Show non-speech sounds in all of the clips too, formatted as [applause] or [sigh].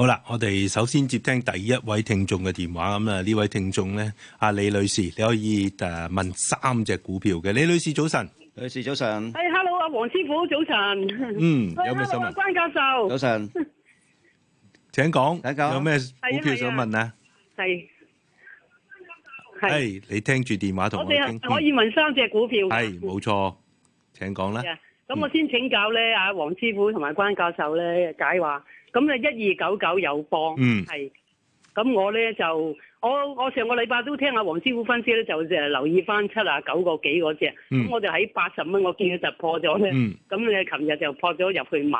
好啦，我哋首先接聽第一位聽眾嘅電話咁啦，呢位聽眾咧，阿李女士，你可以誒問三隻股票嘅。李女士早晨，女士早晨，係，hello 啊，黃師傅早晨，嗯，有咩想問？關教授早晨，請講，有咩股票想問咧？係，係，你聽住電話同我傾。我哋可以問三隻股票。係，冇錯，請講啦。咁我先請教咧，阿黃師傅同埋關教授咧解話。咁咧，一二九九友邦，係咁、嗯嗯、我咧就，我我上個禮拜都聽阿黃師傅分析咧，就誒留意翻七啊九個幾嗰隻，咁、嗯嗯、我就喺八十蚊，我見佢突破咗咧，咁你琴日就破咗、嗯、入去買，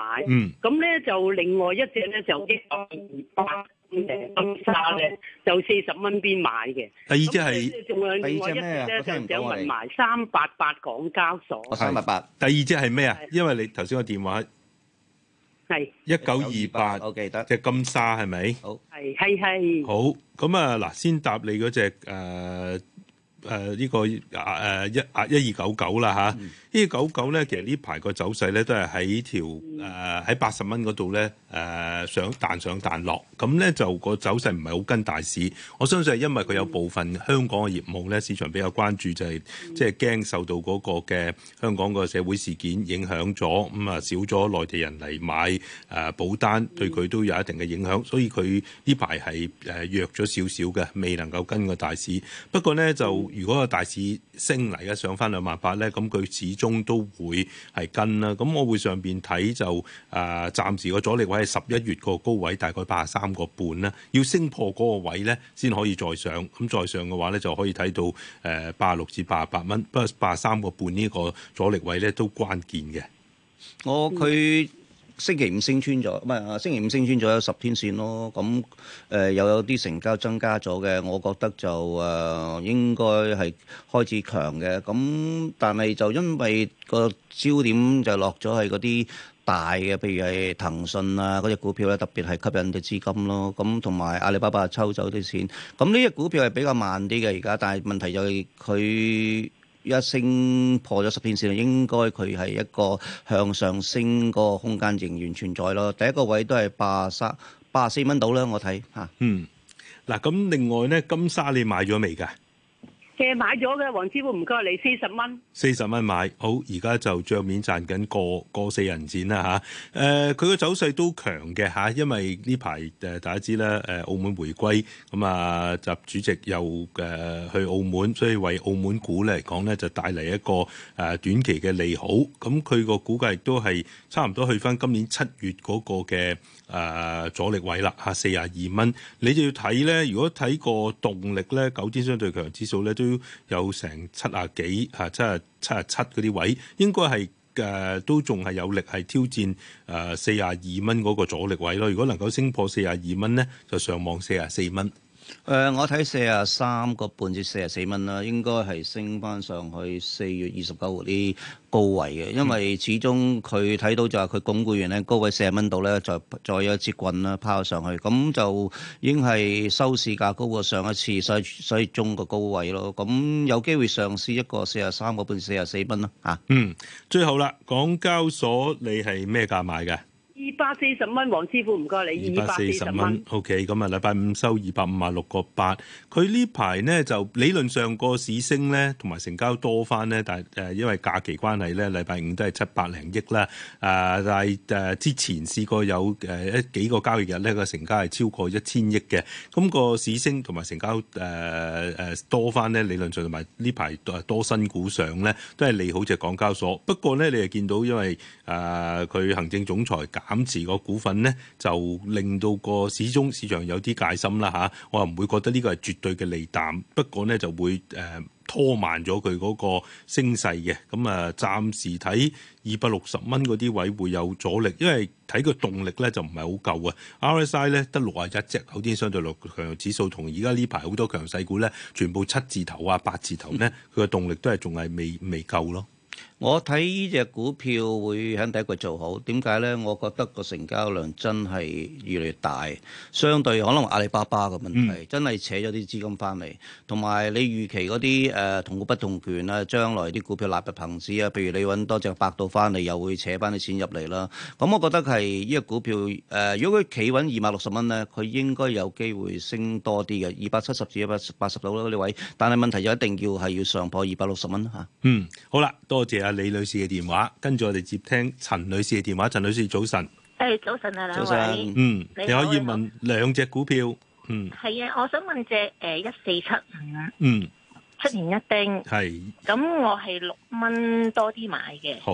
咁咧、嗯、就另外一隻咧就跌到二八嘅金沙咧，就四十蚊邊買嘅。第二隻係第二隻咩？我聽唔過嚟。三八八港交所。三八八。第二隻係咩啊？因為你頭先個電話。 [laughs] 係一九二八，我記得隻金沙，係咪？好，係，係，係，好咁啊！嗱，先答你嗰隻誒。呃誒呢、呃這個誒一一二九九啦嚇，一二九九咧，其實、呃、呢排、呃、個走勢咧都係喺條誒喺八十蚊嗰度咧誒上彈上彈落，咁咧就個走勢唔係好跟大市。我相信係因為佢有部分香港嘅業務咧，市場比較關注，就係即係驚受到嗰個嘅香港個社會事件影響咗，咁、嗯、啊少咗內地人嚟買誒、呃、保單，對佢都有一定嘅影響，所以佢呢排係誒弱咗少少嘅，未能夠跟個大市。不過咧就 [noise] 如果個大市升嚟嘅上翻兩萬八咧，咁佢始終都會係跟啦。咁我會上邊睇就誒，暫時個阻力位係十一月個高位，大概八十三個半啦。要升破嗰個位咧，先可以再上。咁再上嘅話咧，就可以睇到誒八十六至八十八蚊，不過八十三個半呢個阻力位咧都關鍵嘅。我佢。星期五升穿咗，唔係星期五升穿咗有十天線咯。咁、嗯、誒、呃、又有啲成交增加咗嘅，我覺得就誒、呃、應該係開始強嘅。咁、嗯、但係就因為個焦點就落咗係嗰啲大嘅，譬如係騰訊啊嗰隻、那個、股票咧、啊，特別係吸引啲資金咯。咁同埋阿里巴巴、啊、抽走啲錢，咁呢隻股票係比較慢啲嘅而家，但係問題就係佢。一升破咗十天線，應該佢係一個向上升個空間仍然存在咯。第一個位都係八三八四蚊到啦，我睇吓。嗯，嗱咁另外咧，金沙你買咗未㗎？誒買咗嘅黃之寶唔該，你四十蚊，四十蚊買好，而家就帳面賺緊個個四人錢啦嚇。誒佢嘅走勢都強嘅嚇、啊，因為呢排誒大家知啦，誒、啊、澳門回歸，咁啊習主席又誒、啊、去澳門，所以為澳門股嚟講咧就帶嚟一個誒、啊、短期嘅利好。咁佢個估計都係差唔多去翻今年七月嗰個嘅誒、啊、阻力位啦嚇，四十二蚊。你就要睇咧，如果睇個動力咧，九天相對強指數咧都。有成七啊幾嚇，即係七啊七嗰啲位，應該係誒都仲係有力係挑戰誒四啊二蚊嗰個阻力位咯。如果能夠升破四啊二蚊咧，就上望四啊四蚊。誒、呃，我睇四啊三個半至四啊四蚊啦，應該係升翻上去四月二十九號啲高位嘅，因為始終佢睇到就係佢鞏固完咧高位四啊蚊度咧，再再有一支棍啦，拋上去，咁就已經係收市價高過上一次所以所以中個高位咯，咁有機會上試一個四啊三個半四啊四蚊啦，嚇。嗯，最後啦，港交所你係咩價買㗎？二百四十蚊，黃師傅唔該你。二百四十蚊，OK，咁啊，禮拜五收二百五啊六個八。佢呢排呢，就理論上個市升呢，同埋成交多翻呢。但係誒、呃、因為假期關係呢，禮拜五都係七百零億啦。啊、呃，但係誒、呃、之前試過有誒一、呃、幾個交易日呢，個成交係超過一千億嘅，咁、個市升同埋成交誒誒、呃呃、多翻呢，理論上同埋呢排多新股上呢，都係利好隻港交所。不過呢，你就見到因為誒佢、呃、行政總裁減持個股份咧，就令到個市中市場有啲戒心啦嚇。我話唔會覺得呢個係絕對嘅利淡，不過咧就會誒拖慢咗佢嗰個升勢嘅。咁啊，暫時睇二百六十蚊嗰啲位會有阻力，因為睇個動力咧就唔係好夠啊。RSI 咧得六啊一隻，頭先相對強弱指數同而家呢排好多強勢股咧，全部七字頭啊、八字頭咧，佢個動力都係仲係未未夠咯。我睇呢隻股票會喺第一個做好，點解呢？我覺得個成交量真係越嚟越大，相對可能阿里巴巴嘅問題、嗯、真係扯咗啲資金翻嚟，同埋你預期嗰啲誒同股不同權啊，將來啲股票納入騰市啊，譬如你揾多隻百度翻嚟，又會扯翻啲錢入嚟啦。咁我覺得係呢隻股票誒、呃，如果佢企穩二百六十蚊呢，佢應該有機會升多啲嘅，二百七十至一百八十度啦呢位。但係問題就一定要係要上破二百六十蚊嚇。啊、嗯，好啦，多謝。李女士嘅電話跟住，我哋接聽陳女士嘅電話，陳女士早晨。誒，早晨啊，兩位，嗯，你可以問兩隻股票。嗯，係啊，我想問隻誒一四七五，嗯，七年一丁。係，咁我係六蚊多啲買嘅，好，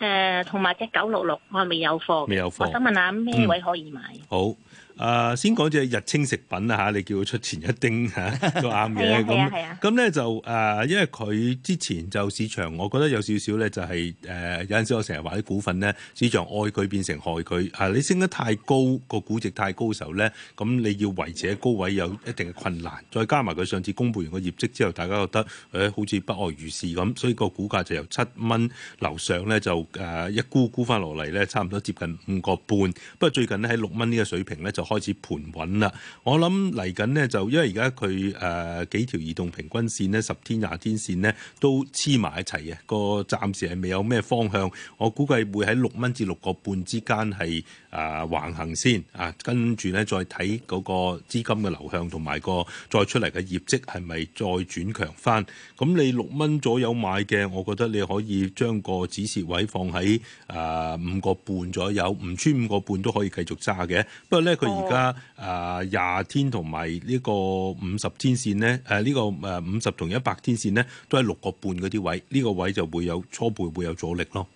誒，同埋隻九六六我未有貨，未有貨，我想問下咩位可以買，好。誒、呃、先講隻日清食品啦嚇，你叫佢出前一丁嚇、啊、都啱嘅咁。咁咧、 [laughs] 啊嗯、就誒、呃，因為佢之前就市場，我覺得有少少咧就係、是、誒、呃，有陣時我成日話啲股份咧，市場愛佢變成害佢。啊，你升得太高個估值太高時候咧，咁、嗯、你要維持喺高位有一定嘅困難。再加埋佢上次公布完個業績之後，大家覺得誒、哎、好似不外如是咁，所以個股價就由七蚊樓上咧就誒一沽沽翻落嚟咧，差唔多接近五個半。不過最近咧喺六蚊呢個水平咧就。就開始盤穩啦，我諗嚟緊咧就因為而家佢誒，幾條移動平均線咧，十天廿天線咧，都黐埋一齊嘅，個暫時係未有咩方向，我估計會喺六蚊至六個半之間係。啊，橫行先啊，跟住咧再睇嗰個資金嘅流向同埋個再出嚟嘅業績係咪再轉強翻？咁你六蚊左右買嘅，我覺得你可以將個止蝕位放喺啊五個半左右，唔穿五個半都可以繼續揸嘅。不過咧，佢而家啊廿天同埋呢個五十天線咧，誒、啊、呢、呢個誒五十同一百天線咧，都係六個半嗰啲位，呢、呢個位就會有初步會有阻力咯。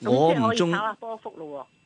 嗯、我唔中。咁即係可以炒啊波幅咯喎！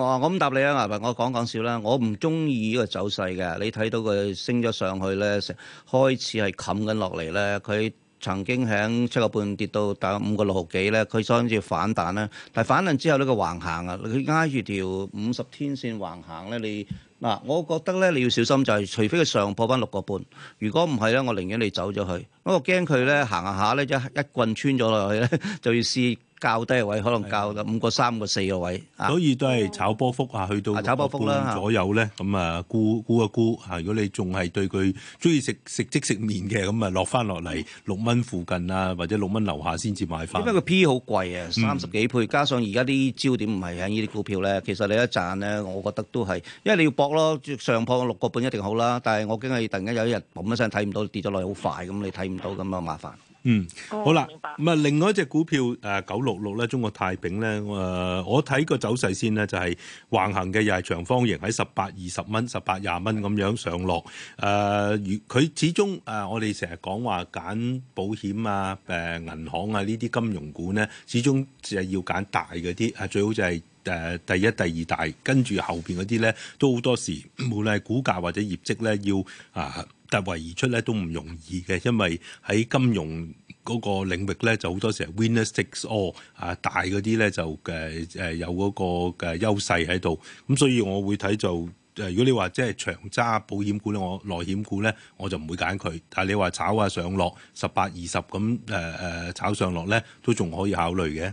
哦、我咁答你啊，嗱，我講講笑啦。我唔中意呢個走勢嘅，你睇到佢升咗上去咧，成開始係冚緊落嚟咧。佢曾經喺七個半跌到大概五個六毫幾咧，佢想住反彈啦。但係反彈之後呢個橫行啊，佢挨住條五十天線橫行咧。你嗱、啊，我覺得咧你要小心就係、是，除非佢上破翻六個半，如果唔係咧，我寧願你走咗去。不過我驚佢咧行下下咧一走一，走一,一棍穿咗落去咧， [laughs] 就要試。較低位可能較個五個三個四個位，所以都係炒波幅啊，去到六蚊左右咧。咁啊沽沽一沽，如果你仲係對佢中意食食即食麵嘅，咁啊落翻落嚟六蚊附近啊，或者六蚊樓下先至買翻。因為個 P 好貴啊，三十幾倍，嗯、加上而家啲焦點唔係喺呢啲股票咧。其實你一賺咧，我覺得都係，因為你要搏咯，上破六個半一定好啦。但係我驚係突然間有一日咁一聲睇唔到跌咗落去好快，咁你睇唔到咁啊麻煩。嗯，好啦，咁啊白，另外一隻股票，誒、呃，九六六咧，中國太平咧，誒、呃，我睇個走勢先咧，就係、是、橫行嘅，又係長方形喺十八二十蚊，十八廿蚊咁樣上落。誒、呃，如佢始終誒、呃，我哋成日講話揀保險啊、誒、呃，銀行啊呢啲金融股咧，始終就係要揀大嗰啲，啊，最好就係、是、誒、呃，第一第二大，跟住後邊嗰啲咧，都好多時無論係股價或者業績咧要啊。呃突圍而出咧都唔容易嘅，因為喺金融嗰個領域咧就好多時候 [noise] winner takes all 啊，大嗰啲咧就誒誒有嗰個嘅優勢喺度，咁所以我會睇就誒，如果你話即係長揸保險股咧，我內險股咧我就唔會揀佢，但係你話炒下上落十八二十咁誒誒炒上落咧都仲可以考慮嘅。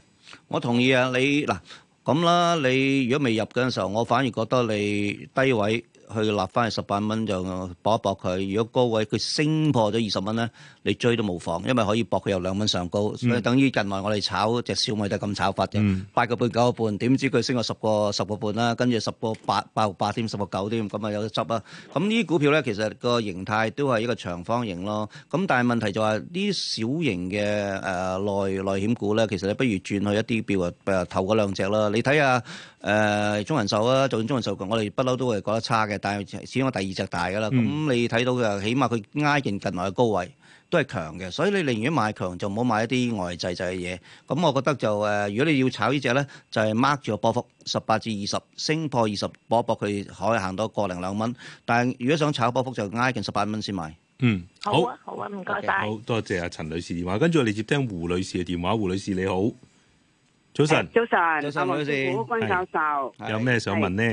我同意啊，你嗱咁啦，你如果未入嘅時候，我反而覺得你低位。去立翻去十八蚊就搏一搏佢，如果高位佢升破咗二十蚊咧，你追都冇妨，因為可以搏佢由兩蚊上高，嗯、所以等於近來我哋炒隻小米都係咁炒法嘅，八個半九個半，點知佢升咗十個十個半啦，跟住十個八八八、添十個九添，咁啊有得執啊。咁呢啲股票咧，其實個形態都係一個長方形咯。咁但係問題就係、是、啲小型嘅誒內內險股咧，其實你不如轉去一啲譬如誒投嗰兩隻啦。你睇下。誒、呃、中銀壽啊，就算中人壽，我哋不嬲都係覺得差嘅，但係始終第二隻大㗎啦。咁、嗯、你睇到佢，起碼佢挨近近來嘅高位都係強嘅，所以你寧願買強，就唔好買一啲外滯滯嘅嘢。咁、嗯、我覺得就誒、呃，如果你要炒呢隻咧，就係、是、mark 住個波幅十八至二十，升破二十波搏佢可以行到個零兩蚊。但係如果想炒波幅，就挨近十八蚊先買。嗯，好啊，好啊，唔該晒，好多謝阿陳女士電話。跟住我哋接聽胡女士嘅電話，胡女士你好。早晨，早晨，早晨，阿黃富君教授，有咩想問呢？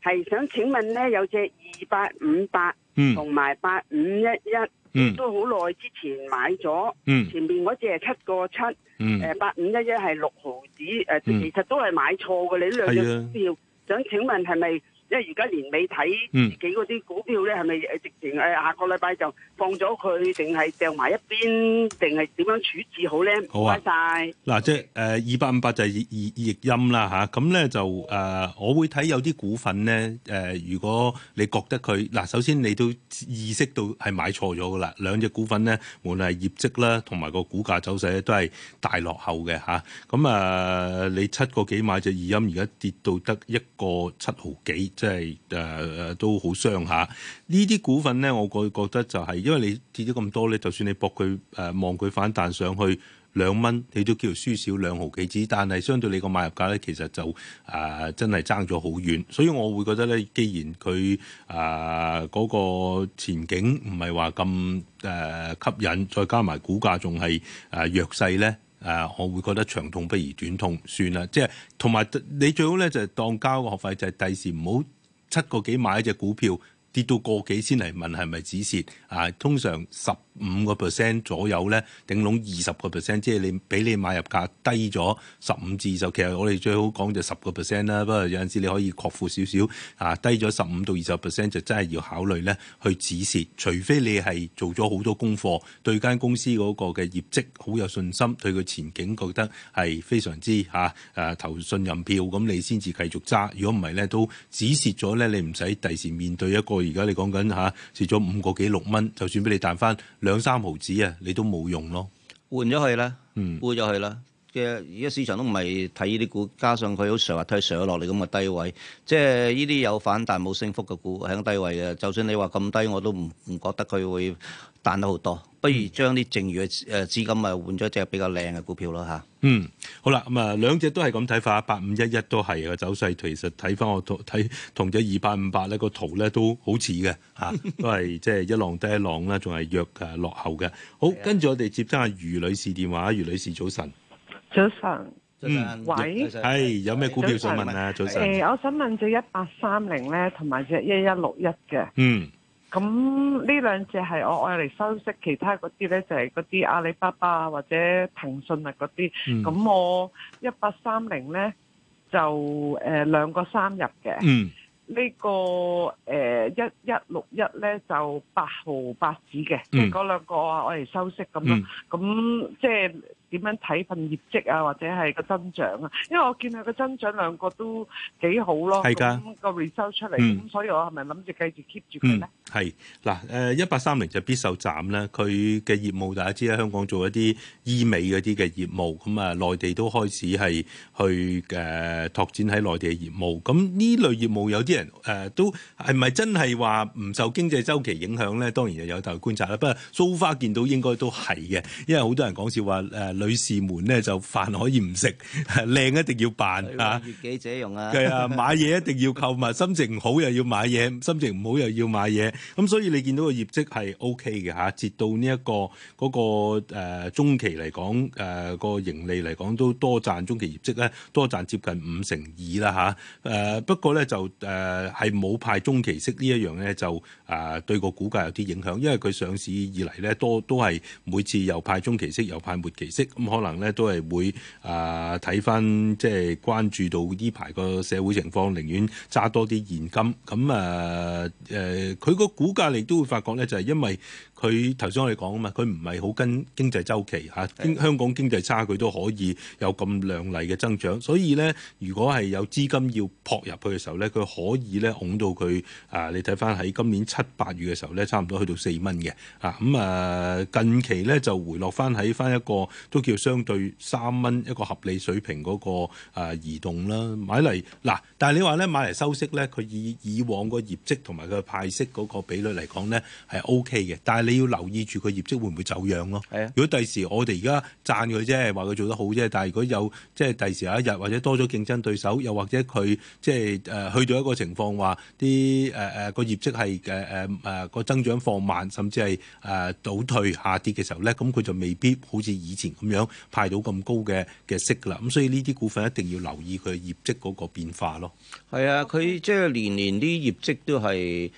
係想請問呢，有隻二八五八，同埋八五一一，嗯，都好耐之前買咗，前面嗰隻係七個七，誒，八五一一係六毫紙，誒，其實都係買錯嘅，你呢兩隻股票，想請問係咪？因為而家年尾睇自己嗰啲股票咧，係咪、嗯、直情誒、呃、下個禮拜就放咗佢，定係掉埋一邊，定係點樣處置好咧？好啊，多謝。嗱、啊，即係誒二百五八就係二二逆陰啦嚇。咁、啊、咧就誒、呃，我會睇有啲股份咧誒、呃，如果你覺得佢嗱、啊，首先你都意識到係買錯咗噶啦。兩隻股份咧，無論係業績啦，同埋個股價走勢咧，都係大落後嘅嚇。咁啊，啊，你七個幾買隻二音，而家跌到得一個七毫幾。即係誒誒都好傷下，呢啲股份呢。我覺覺得就係因為你跌咗咁多呢，就算你搏佢誒望佢反彈上去兩蚊，你都叫做輸少兩毫幾子，但係相對你個買入價呢，其實就啊真係爭咗好遠，所以我會覺得呢，既然佢啊嗰個前景唔係話咁誒吸引，再加埋股價仲係啊弱勢呢。誒，我會覺得長痛不如短痛，算啦。即係同埋你最好咧，就當交個學費，就係第時唔好七個幾買一隻股票。跌到個幾先嚟問係咪止蝕啊？通常十五個 percent 左右，咧，頂籠二十個 percent，即係你比你買入價低咗十五至二十，其實我哋最好講就十個 percent 啦。不過有陣時你可以擴闊少少啊，低咗十五到二十 percent 就真係要考慮咧去止蝕，除非你係做咗好多功課，對間公司嗰個嘅業績好有信心，對佢前景覺得係非常之嚇誒、啊啊、投信任票，咁你先至繼續揸。如果唔係咧，都止蝕咗咧，你唔使第時面對一個。而家你講緊嚇蝕咗五個幾六蚊，就算俾你彈翻兩三毫子啊，你都冇用咯。換咗佢啦，嗯，換咗佢啦。嘅，而家市場都唔係睇呢啲股，加上佢好成日推上落嚟咁嘅低位，即係呢啲有反彈冇升幅嘅股喺低位嘅，就算你話咁低，我都唔唔覺得佢會彈得好多。不如將啲剩餘嘅誒資金啊，換咗隻比較靚嘅股票咯吓，嗯，好啦，咁啊兩隻都係咁睇法，八五一一都係嘅走勢。其實睇翻我睇同咗二八五八咧個圖咧都好似嘅吓， [laughs] 都係即係一浪低一浪啦，仲係弱嘅，落後嘅。好，跟住的我哋接聽阿余女士電話。余女士早晨。早晨，早晨、嗯。喂，係喂，喂有咩股票想問啊？早晨上，誒上、呃，我想問隻一八三零咧，同埋隻一一六一嘅。嗯，咁呢兩隻係我愛嚟收息，其他嗰啲咧就係嗰啲阿里巴巴或者騰訊啊嗰啲。咁、嗯、我一八三零咧就誒兩、呃、個三入嘅。嗯，這個呃、呢個誒一一六一咧就八毫八子嘅。嗰兩、嗯、個我愛嚟收息咁樣。咁即係。嗯點樣睇份業績啊，或者係個增長啊？因為我見佢個增長兩個都幾好咯，啊，咁個 result 出嚟，咁、嗯、所以我係咪諗住繼續 keep 住佢咧？係嗱、嗯，誒一八三零就必瘦站啦，佢嘅業務大家知啦，香港做一啲醫美嗰啲嘅業務，咁、嗯、啊內地都開始係去誒、啊、拓展喺內地嘅業務。咁、嗯、呢、啊、類業務有啲人誒、啊、都係咪真係話唔受經濟周期影響咧？當然又有待觀察啦。不過蘇花見到應該都係嘅，因為好多人講笑話誒。呃呃呃女士們咧，就飯可以唔食，靚一定要扮嚇。記者用啊。係啊，買嘢一定要購物，心情唔好又要買嘢，心情唔好又要買嘢。咁所以你見到個業績係 OK 嘅嚇，截到呢一個嗰個誒中期嚟講誒個盈利嚟講都多賺，中期業績咧多賺接近五成二啦嚇。誒不過咧就誒係冇派中期息呢一樣咧就誒對個股價有啲影響，因為佢上市以嚟咧多都係每次又派中期息又派末期息。咁可能咧都係會啊睇返即係關注到呢排個社會情況，寧願揸多啲現金。咁啊誒，佢、呃、個、呃、股價你都會發覺咧，就係、是、因為。佢頭先我哋講啊嘛，佢唔係好跟經濟周期嚇、啊，香港經濟差佢都可以有咁亮麗嘅增長，所以咧，如果係有資金要撲入去嘅時候咧，佢可以咧拱到佢啊！你睇翻喺今年七八月嘅時候咧，差唔多去到四蚊嘅啊，咁啊近期咧就回落翻喺翻一個都叫相對三蚊一個合理水平嗰個移動啦，買嚟嗱、啊，但係你話咧買嚟收息咧，佢以以往個業績同埋佢派息嗰個比率嚟講咧係 O K 嘅，但係。你要留意住佢業績會唔會走樣咯？如果第時我哋而家讚佢啫，話佢做得好啫。但係如果有即係第時有一日，或者多咗競爭對手，又或者佢即係誒、呃、去到一個情況，話啲誒誒個業績係誒誒誒個增長放慢，甚至係誒、呃、倒退下跌嘅時候咧，咁佢就未必好似以前咁樣派到咁高嘅嘅息啦。咁、嗯、所以呢啲股份一定要留意佢業績嗰個變化咯。係啊，佢即係年年啲業績都係。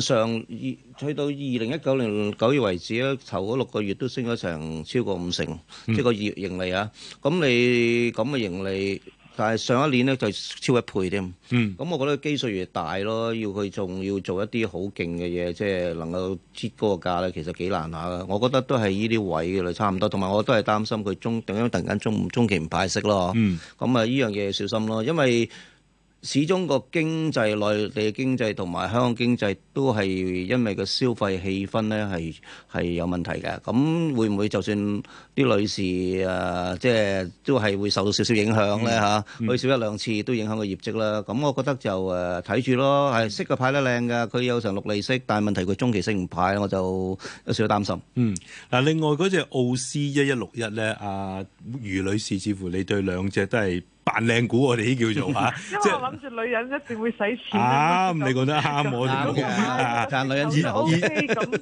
上二去到二零一九年九月為止咧，頭嗰六個月都升咗成超過五成，即係個業盈利啊！咁你咁嘅盈利，但係上一年咧就超一倍添。咁我覺得基數越大咯，要佢仲要做一啲好勁嘅嘢，即係能夠切高個價咧，其實幾難下。我覺得都係依啲位嘅啦，差唔多。同埋我都係擔心佢中點解突然間中中期唔派息咯？咁啊，依樣嘢小心咯，因為。始終個經濟內地經濟同埋香港經濟都係因為個消費氣氛咧係係有問題嘅。咁會唔會就算啲女士誒，即係都係會受到少少影響咧嚇？去少一兩次都影響個業績啦。咁我覺得就誒睇住咯，係息佢派得靚㗎，佢有成六厘息，但係問題佢中期息唔派，我就有少少擔心。嗯，嗱，另外嗰隻奧思一一六一咧，阿余女士，似乎你對兩隻都係。扮靚股我哋呢叫做嚇，即係我諗住女人一定會使錢。嚇，咁你覺得啱我哋嘅，但女人二二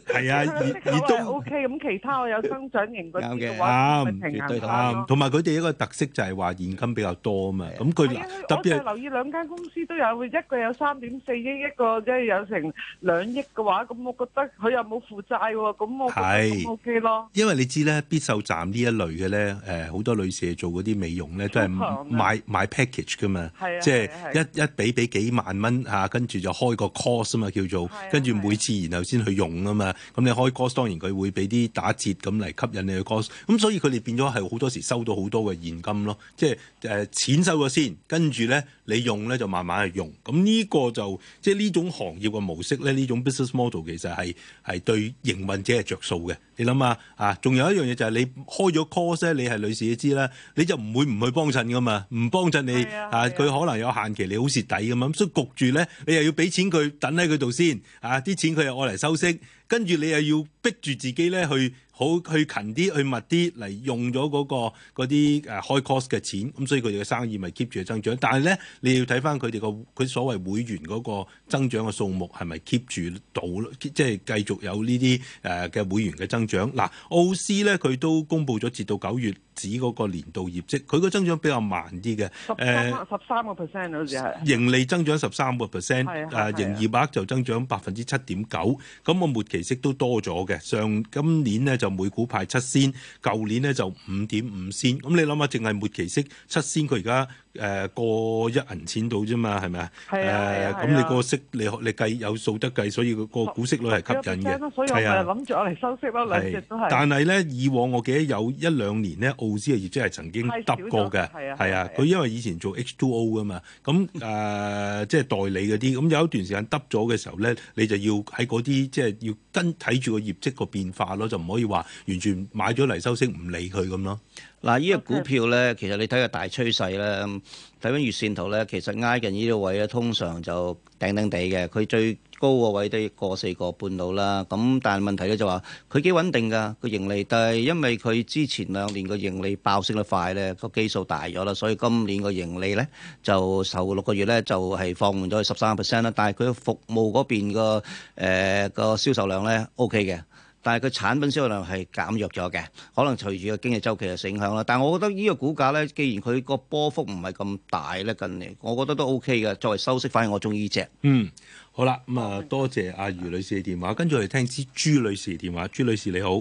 係啊，二二都 OK 咁。其他我有增長型嗰啲話，唔係平頭啊。同埋佢哋一個特色就係話現金比較多啊嘛。咁佢留特別留意兩間公司都有，一個有三點四億，一個即係有成兩億嘅話，咁我覺得佢又冇負債喎。咁我係 OK 咯。因為你知咧，必瘦站呢一類嘅咧，誒好多女士做嗰啲美容咧，都係賣。買 package 㗎嘛，的即係一的一俾俾幾萬蚊嚇，跟、啊、住就開個 course 啊嘛，叫做，跟住的每次然後先去用啊嘛，咁的你開 course 當然佢會俾啲打折咁嚟吸引你嘅 course，咁所以佢哋變咗係好多時收到好多嘅現金咯，即係誒、呃、錢收咗先，跟住咧你用咧就慢慢去用，咁呢個就即係呢種行業嘅模式咧，呢種 business model 其實係係對營運者係着數嘅，你諗下，啊，仲有一樣嘢就係你開咗 course 咧，你係女士都知啦，你就唔會唔去幫襯㗎嘛。唔幫襯你啊，佢、啊啊、可能有限期，你好蝕底咁啊，咁所以焗住咧，你又要俾錢佢等喺佢度先啊，啲錢佢又愛嚟收息，跟住你又要逼住自己咧去。好去勤啲去密啲嚟用咗嗰個嗰啲誒開 cost 嘅錢，咁所以佢哋嘅生意咪 keep 住增長。但係咧，你要睇翻佢哋個佢所謂會員嗰個增長嘅數目係咪 keep 住到？即係繼續有呢啲誒嘅會員嘅增長。嗱，奧斯咧佢都公布咗截至到九月止嗰個年度業績，佢個增長比較慢啲嘅，誒十三個 percent 好似係。盈利增長十三個 percent，誒營業額就增長百分之七點九，咁個末期息都多咗嘅。上今年咧就。就每股派七仙，舊年咧就五點五仙，咁、嗯、你諗下，淨係末期息七仙，佢而家。誒過一銀錢到啫嘛，係咪啊？係啊，咁你個息你你計有數得計，所以個股息率係吸引嘅，係啊。諗住我嚟收息咯，兩隻都係。但係咧，以往我記得有一兩年咧，澳資嘅業績係曾經耷過嘅，係啊。佢因為以前做 H to O 啊嘛，咁誒即係代理嗰啲，咁有一段時間耷咗嘅時候咧，你就要喺嗰啲即係要跟睇住個業績個變化咯，就唔可以話完全買咗嚟收息唔理佢咁咯。嗱，呢個股票咧，其實你睇個大趨勢咧，睇緊月線圖咧，其實挨近呢個位咧，通常就頂頂地嘅。佢最高個位都過四個半度啦。咁但係問題咧就話，佢幾穩定㗎？個盈利，但係因為佢之前兩年個盈利爆升得快咧，個基數大咗啦，所以今年個盈利咧就頭六個月咧就係放緩咗十三個 percent 啦。但係佢服務嗰邊個誒個銷售量咧 OK 嘅。但係佢產品銷量係減弱咗嘅，可能隨住個經濟周期嘅影響啦。但係我覺得呢個股價咧，既然佢個波幅唔係咁大咧，近年我覺得都 OK 嘅，作為收息反而我中意呢隻。嗯，好啦，咁、嗯、啊，多謝阿余女士嘅電話，跟住我哋聽支朱女士電話。朱女士你好，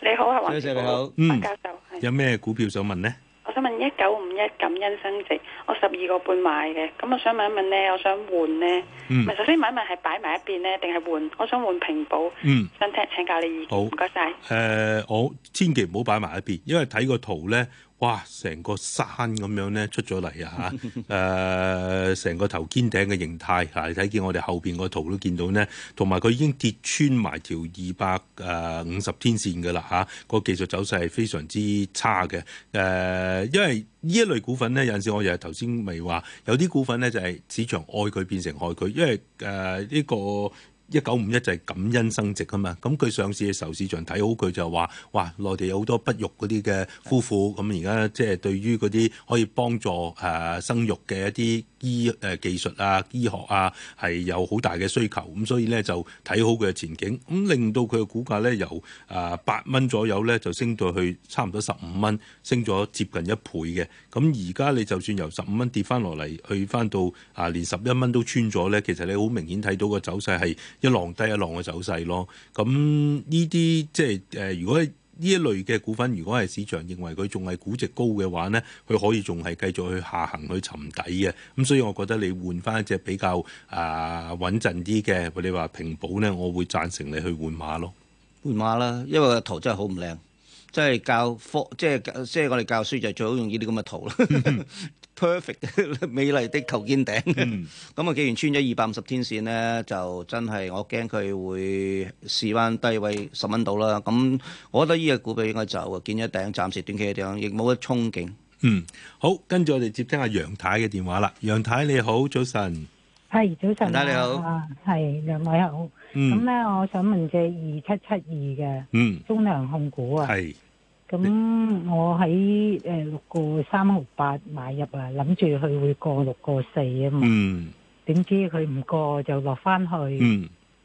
你好啊，范教授你好，嗯，有咩股票想問咧？想、嗯、問一九五一感恩生殖，我十二個半買嘅，咁、嗯、我、嗯、想問一問咧，我想換咧，咪首先問一問係擺埋一邊咧，定係換？我想換平保，想聽、嗯、請教你意見，好唔該晒。誒謝、呃，我千祈唔好擺埋一邊，因為睇個圖咧。哇！成個山咁樣咧出咗嚟啊嚇！誒、 [laughs] 呃，成個頭肩頂嘅形態，你、呃、睇見我哋後邊個圖都見到咧，同埋佢已經跌穿埋條二百誒五十天線㗎喇嚇！個、呃、技術走勢係非常之差嘅。誒、呃，因為呢一類股份咧，有陣時我又係頭先咪話，有啲股份咧就係市場愛佢變成愛佢，因為誒呢、呃這個。一九五一就係感恩生殖啊嘛，咁佢上市嘅時候，市場睇好佢就話：「哇，內地有好多不育嗰啲嘅夫婦，咁而家即係對於嗰啲可以幫助誒生育嘅一啲醫誒技術啊、醫學啊，係有好大嘅需求，咁所以咧就睇好佢嘅前景，咁令到佢嘅股價咧由誒八蚊左右咧就升到去差唔多十五蚊，升咗接近一倍嘅。咁而家你就算由十五蚊跌翻落嚟，去翻到啊連十一蚊都穿咗咧，其實你好明顯睇到個走勢係一浪低一浪嘅走勢咯，咁呢啲即係誒，如果呢一類嘅股份，如果係市場認為佢仲係估值高嘅話咧，佢可以仲係繼續去下行去沉底嘅。咁所以我覺得你換翻一隻比較啊穩陣啲嘅，你、呃、話平保咧，我會贊成你去換馬咯。換馬啦，因為個圖真係好唔靚。即係教科，即係即係我哋教書就最好用呢啲咁嘅圖啦。Mm hmm. [laughs] Perfect，美麗的頭肩頂。咁啊、mm，hmm. 既然穿咗二百五十天線咧，就真係我驚佢會試翻低位十蚊到啦。咁，我覺得呢隻股票應該就見一頂，暫時短期嘅頂，亦冇乜憧憬。嗯、mm，hmm. 好，跟住我哋接聽阿楊太嘅電話啦。楊太你好，早晨。係，早晨。楊太你好，係兩位好。咁咧，mm hmm. 我想問隻二七七二嘅中糧控股啊。Mm hmm. mm hmm. 咁我喺誒、呃、六個三六八買入啊，諗住佢會過六個四啊嘛，點、嗯、知佢唔過就落翻去。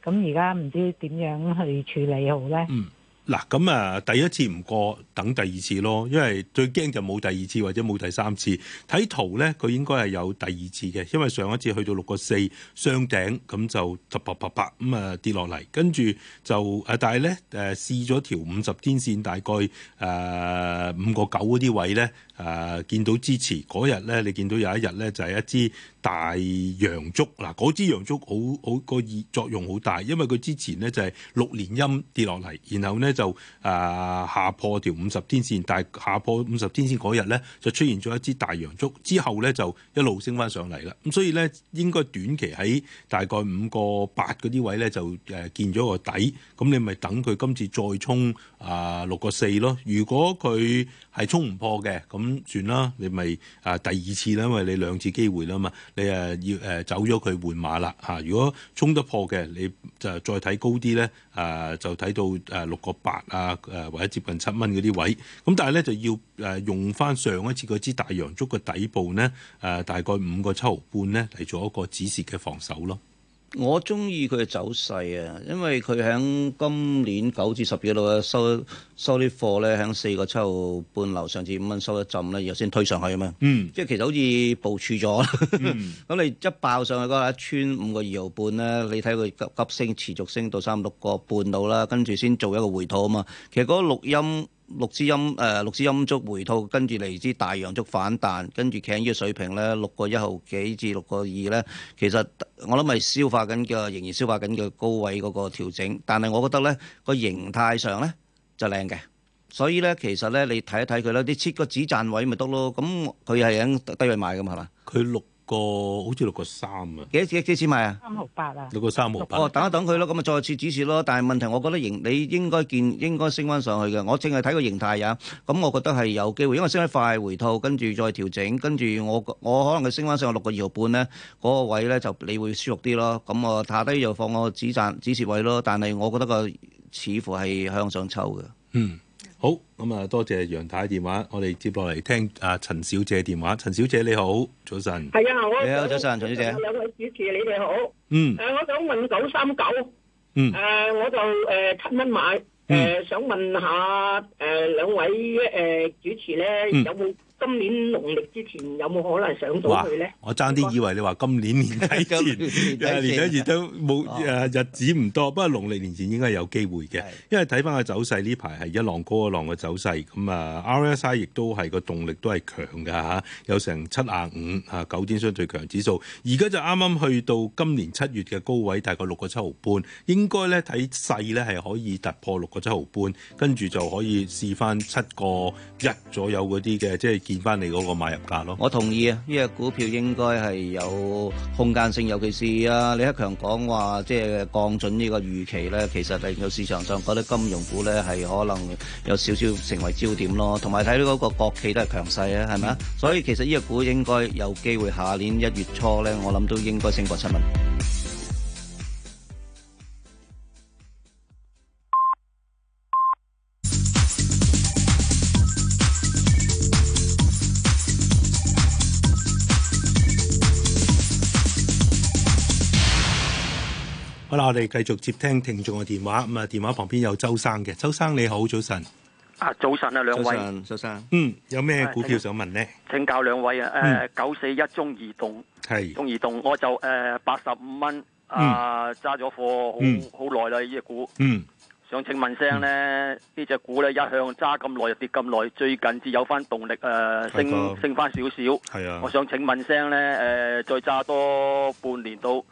咁而家唔知點樣去處理好咧？嗯嗱，咁啊，第一次唔過，等第二次咯，因為最驚就冇第二次或者冇第三次。睇圖咧，佢應該係有第二次嘅，因為上一次去到六個四雙頂，咁就啪啪啪啪咁啊跌落嚟，跟住就啊，但係咧誒試咗條五十天線，大概誒五個九嗰啲位咧。誒、呃、見到支持嗰日咧，你見到有一日咧就係、是、一支大陽燭嗱，嗰支陽燭好好個熱作用好大，因為佢之前咧就係、是、六連陰跌落嚟，然後咧就誒、呃、下破條五十天線，但係下破五十天線嗰日咧就出現咗一支大陽燭，之後咧就一路升翻上嚟啦。咁所以咧應該短期喺大概五個八嗰啲位咧就誒、呃、見咗個底，咁你咪等佢今次再衝啊六個四咯。如果佢係衝唔破嘅，咁算啦，你咪啊第二次啦，因為你兩次機會啦嘛，你誒要誒走咗佢換馬啦嚇。如果衝得破嘅，你就再睇高啲咧，啊就睇到誒六個八啊誒或者接近七蚊嗰啲位。咁但係咧就要誒用翻上一次嗰支大陽燭嘅底部咧，誒大概五個七毫半咧嚟做一個止蝕嘅防守咯。我中意佢嘅走勢啊，因為佢喺今年九至十月度咧收收啲貨咧，喺四個七毫半樓，上次五蚊收一浸咧，又先推上去啊嘛。嗯，即係其實好似部署咗。咁你一爆上去嗰下穿五個二毫半咧，你睇佢急急升持續升到三六個半度啦，跟住先做一個回吐啊嘛。其實嗰個錄音。六支陰誒六支陰燭回吐，跟住嚟支大陽燭反彈，跟住企喺呢個水平咧，六個一毫幾至六個二咧，其實我諗咪消化緊嘅，仍然消化緊嘅高位嗰個調整。但係我覺得咧個形態上咧就靚嘅，所以咧其實咧你睇一睇佢咧，啲切個止賺位咪得咯。咁佢係喺低位買嘅嘛係嘛？佢六。個好似六個三啊，幾幾幾錢買啊？三六八啊，六個三六八。哦，等一等佢咯，咁啊，再設止蝕咯。但係問題，我覺得形你應該見應該升翻上去嘅。我淨係睇個形態啊，咁我覺得係有機會，因為升得快回吐，跟住再調整，跟住我我可能佢升翻上去六個二毫半咧，嗰個位咧就你會舒服啲咯。咁我下低就放個止賺止蝕位咯。但係我覺得個似乎係向上抽嘅。嗯。好，咁啊，多謝楊太電話，我哋接落嚟聽啊陳小姐電話。陳小姐你好，早晨。係啊，我早晨，陳小姐。兩位主持，你哋好。嗯。誒，我想問九三九。嗯。誒，我就誒七蚊買。嗯。誒，想問下誒兩位誒主持咧，有冇？今年農曆之前有冇可能上到去咧？我爭啲以為你話今年年底前。 [laughs] 年，年底前都冇誒 [laughs] 日子唔多。不過農曆年前應該有機會嘅，的因為睇翻個走勢呢排係一浪高一浪嘅走勢。咁啊，RSI 亦都係個動力都係強嘅嚇、啊，有成七啊五啊九天相對強指數。而家就啱啱去到今年七月嘅高位，大概六個七毫半。應該咧睇勢咧係可以突破六個七毫半，跟住就可以試翻七個一左右嗰啲嘅，即係。變翻你嗰個買入價咯。我同意啊，呢個股票應該係有空間性，尤其是啊李克強講話即係降準呢個預期咧，其實令到市場上覺得金融股咧係可能有少少成為焦點咯。同埋睇到嗰個國企都係強勢啊，係咪啊？嗯、所以其實呢個股應該有機會下年一月初咧，我諗都應該升過七蚊。我哋繼續接聽聽眾嘅電話，咁啊電話旁邊有周生嘅，周生你好，早晨。啊早晨啊兩位，早晨，周生，嗯，有咩股票想問咧？請教兩位啊，誒，九四一中移動，係中移動，我就誒八十五蚊啊揸咗貨，好好耐啦呢隻股，嗯，想請問聲咧呢隻股咧一向揸咁耐又跌咁耐，最近先有翻動力誒升升翻少少，係啊，我想請問聲咧誒再揸多半年到。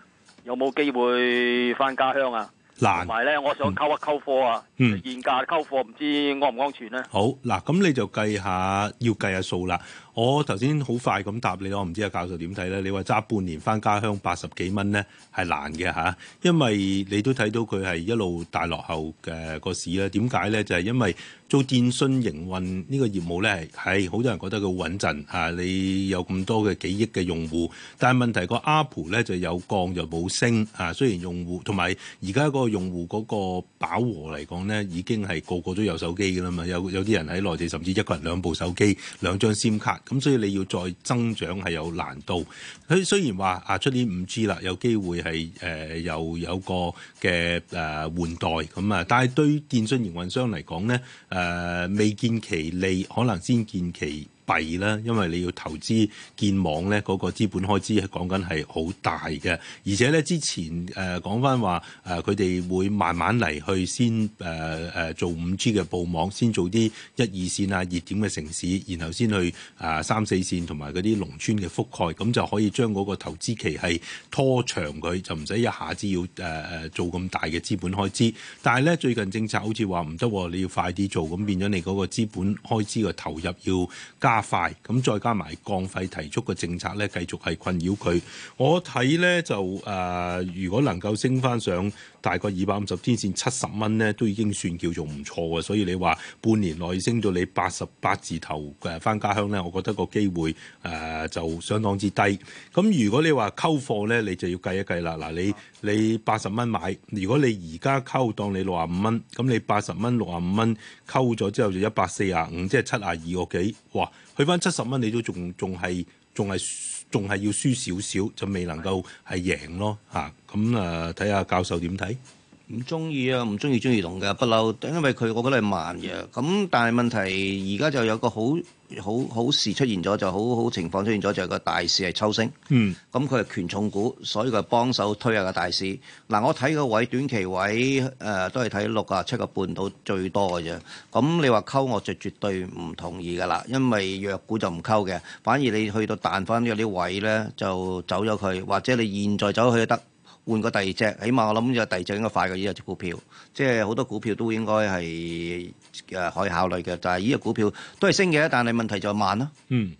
有冇機會翻家鄉啊？嗱，同埋咧，我想溝一溝貨啊，嗯，現價溝貨唔知安唔安全咧？好，嗱，咁你就計下，要計下數啦。我頭先好快咁答你咯，我唔知阿教授點睇咧？你話揸半年返家鄉八十幾蚊咧係難嘅嚇，因為你都睇到佢係一路大落後嘅個市咧。點解咧？就係、是、因為做電信營運呢個業務咧，係好多人覺得佢好穩陣、啊、你有咁多嘅幾億嘅用戶，但係問題個 Apple 咧就有降就冇升啊。雖然用戶同埋而家個用戶嗰個飽和嚟講咧，已經係個個都有手機㗎啦嘛。有有啲人喺內地甚至一個人兩部手機、兩張 SIM 卡。咁所以你要再增長係有難度。佢雖然話啊出年五 G 啦，有機會係誒又有個嘅誒、呃、換代咁啊，但係對於電信營運商嚟講咧誒，未見其利，可能先見其。弊啦，因為你要投資建網咧，嗰個資本開支係講緊係好大嘅。而且咧之前誒、呃、講翻話誒佢哋會慢慢嚟，去先誒誒、呃、做五 G 嘅布網先做啲一二綫啊熱點嘅城市，然後先去啊、呃、三四綫同埋嗰啲農村嘅覆蓋，咁就可以將嗰個投資期係拖長佢，就唔使一下子要誒誒、呃、做咁大嘅資本開支。但係咧最近政策好似話唔得，你要快啲做，咁變咗你嗰個資本開支嘅投入要加。快咁，再加埋降費提速嘅政策咧，繼續係困擾佢。我睇咧就誒、呃，如果能夠升翻上。大概二百五十天線七十蚊咧，都已經算叫做唔錯嘅。所以你話半年內升到你八十八字頭嘅翻家鄉咧，我覺得個機會誒、呃、就相當之低。咁如果你話溝貨咧，你就要計一計啦。嗱，你你八十蚊買，如果你而家溝，當你六啊五蚊，咁你八十蚊六啊五蚊溝咗之後就一百四啊五，即係七啊二個幾哇！去翻七十蚊，你都仲仲係仲係。仲係要輸少少就未能夠係贏咯，嚇，咁啊，睇下教授點睇？唔中意啊，唔中意中意龍嘅不嬲，因為佢我覺得係慢嘅，咁但係問題而家就有個好。好好事出現咗就好好情況出現咗就係、個大市係抽升，咁佢係權重股，所以佢幫手推下個大市。嗱、啊，我睇個位短期位誒、呃、都係睇六啊七個半到最多嘅啫。咁、嗯、你話溝我就絕對唔同意㗎啦，因為弱股就唔溝嘅，反而你去到彈翻有啲位咧就走咗佢，或者你現在走去都得。換個第二隻，起碼我諗咗第二隻應該快過依隻股票，即係好多股票都應該係誒可以考慮嘅，但係依個股票都係升嘅，但係問題就慢啦，嗯。嗯，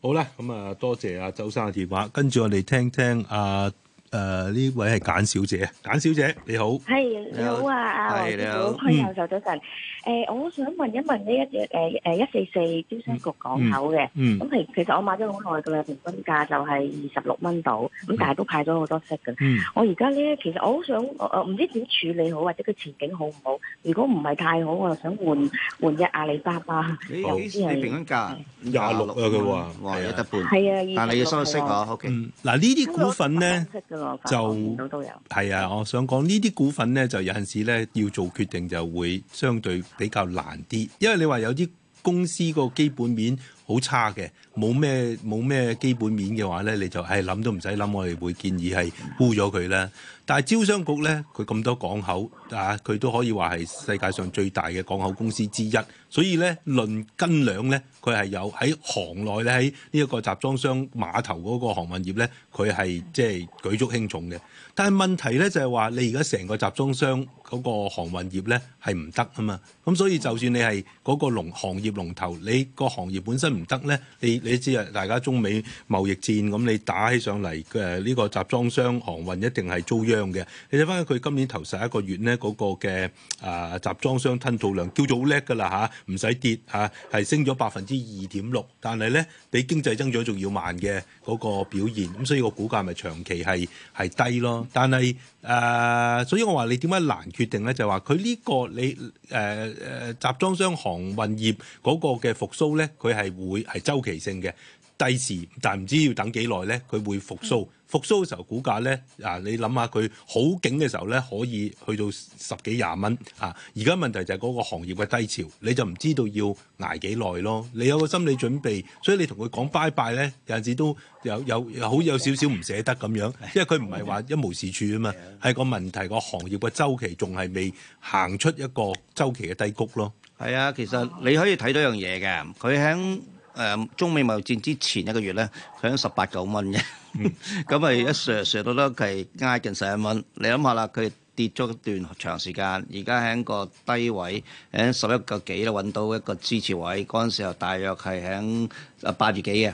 好啦，咁啊多謝阿周生嘅電話，跟住我哋聽聽阿。呃誒，呢位係簡小姐，簡小姐你好，係你好啊，阿黃你好，朋友早早晨。誒，我想問一問呢一隻誒誒一四四招商局港口嘅，咁係其實我買咗好耐噶啦，平均價就係二十六蚊到，咁但係都派咗好多息嘅。我而家咧，其實我好想唔知點處理好，或者個前景好唔好？如果唔係太好，我又想換換隻阿里巴巴。你好，平均價廿六六啊，佢話哇，一得半係啊，但你要收息嗬。嗯，嗱呢啲股份咧。就係啊！我想講呢啲股份呢，就有陣時呢要做決定，就會相對比較難啲，因為你話有啲公司個基本面。好差嘅，冇咩冇咩基本面嘅話咧，你就係諗都唔使諗，我哋會建議係沽咗佢啦。但係招商局咧，佢咁多港口啊，佢都可以話係世界上最大嘅港口公司之一。所以咧，論斤兩咧，佢係有喺行內咧喺呢一個集裝箱碼頭嗰個航運業咧，佢係即係舉足輕重嘅。但係問題咧就係話你而家成個集裝箱嗰個航運業咧係唔得啊嘛。咁所以就算你係嗰個龍行業龍頭，你個行業本身。唔得咧，你你知啊，大家中美貿易戰，咁，你打起上嚟嘅呢個集裝箱航運一定係遭殃嘅。你睇翻佢今年頭十一個月咧，嗰個嘅誒集裝箱吞吐量叫做好叻噶啦吓，唔使跌嚇，係升咗百分之二點六。但係咧，比經濟增長仲要慢嘅嗰個表現，咁所以個股價咪長期係係低咯。但係誒，所以我話你點解難決定咧，就係話佢呢個你誒誒集裝箱航運業嗰個嘅復蘇咧，佢係。會係周期性嘅低時，但係唔知要等幾耐呢，佢會復甦。復甦嘅時候股價呢，啊，你諗下佢好景嘅時候呢，可以去到十幾廿蚊啊。而家問題就係嗰個行業嘅低潮，你就唔知道要捱幾耐咯。你有個心理準備，所以你同佢講拜拜呢，有陣時都有有好有少少唔捨得咁樣，因為佢唔係話一無是處啊嘛，係個問題，個行業嘅周期仲係未行出一個周期嘅低谷咯。係啊，其實你可以睇到樣嘢嘅。佢喺誒中美貿易戰之前一個月咧，喺十八九蚊嘅，咁咪 [laughs] 一上上到咧，係挨近十一蚊。你諗下啦，佢跌咗一段長時間，而家喺個低位喺十一個幾咧，揾到一個支持位。嗰陣時候大約係喺八月幾嘅。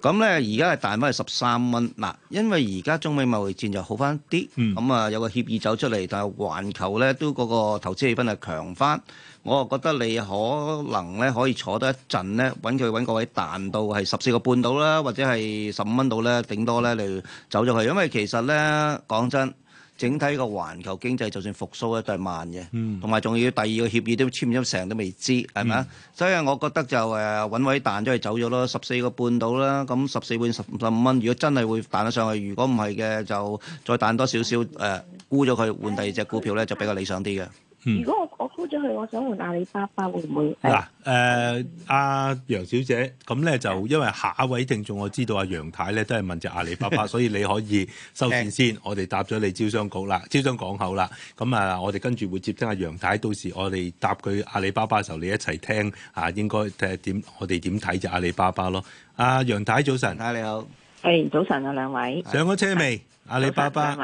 咁咧而家係彈翻係十三蚊嗱，因為而家中美貿易戰就好翻啲，咁啊、嗯、有個協議走出嚟，但係環球咧都嗰個投資氣氛係強翻，我啊覺得你可能咧可以坐得一陣咧，揾佢揾個位彈到係十四個半到啦，或者係十五蚊到咧，頂多咧你走咗去。因為其實咧講真。整體個環球經濟就算復甦咧都係慢嘅，同埋仲要第二個協議都簽唔到成都未知，係咪啊？嗯、所以我覺得就誒搵、呃、位彈咗係走咗咯，十四個半到啦，咁十四半十十五蚊，如果真係會彈得上去，如果唔係嘅就再彈多少少誒沽咗佢換第二隻股票咧就比較理想啲嘅。嗯、如果我我沽咗佢，我想換阿里巴巴，會唔會？嗱，誒、呃，阿楊小姐，咁咧就因為下一位聽眾我知道阿楊太咧都係問隻阿里巴巴， [laughs] 所以你可以收線先，嘿我哋答咗你招商局啦，招商港口啦，咁啊，我哋跟住會接聽阿楊太，到時我哋答佢阿里巴巴嘅時候，你一齊聽啊，應該誒點我哋點睇隻阿里巴巴咯。阿、啊、楊太早晨早，你好，係、hey, 早晨啊兩位，是上咗車未？阿里巴巴，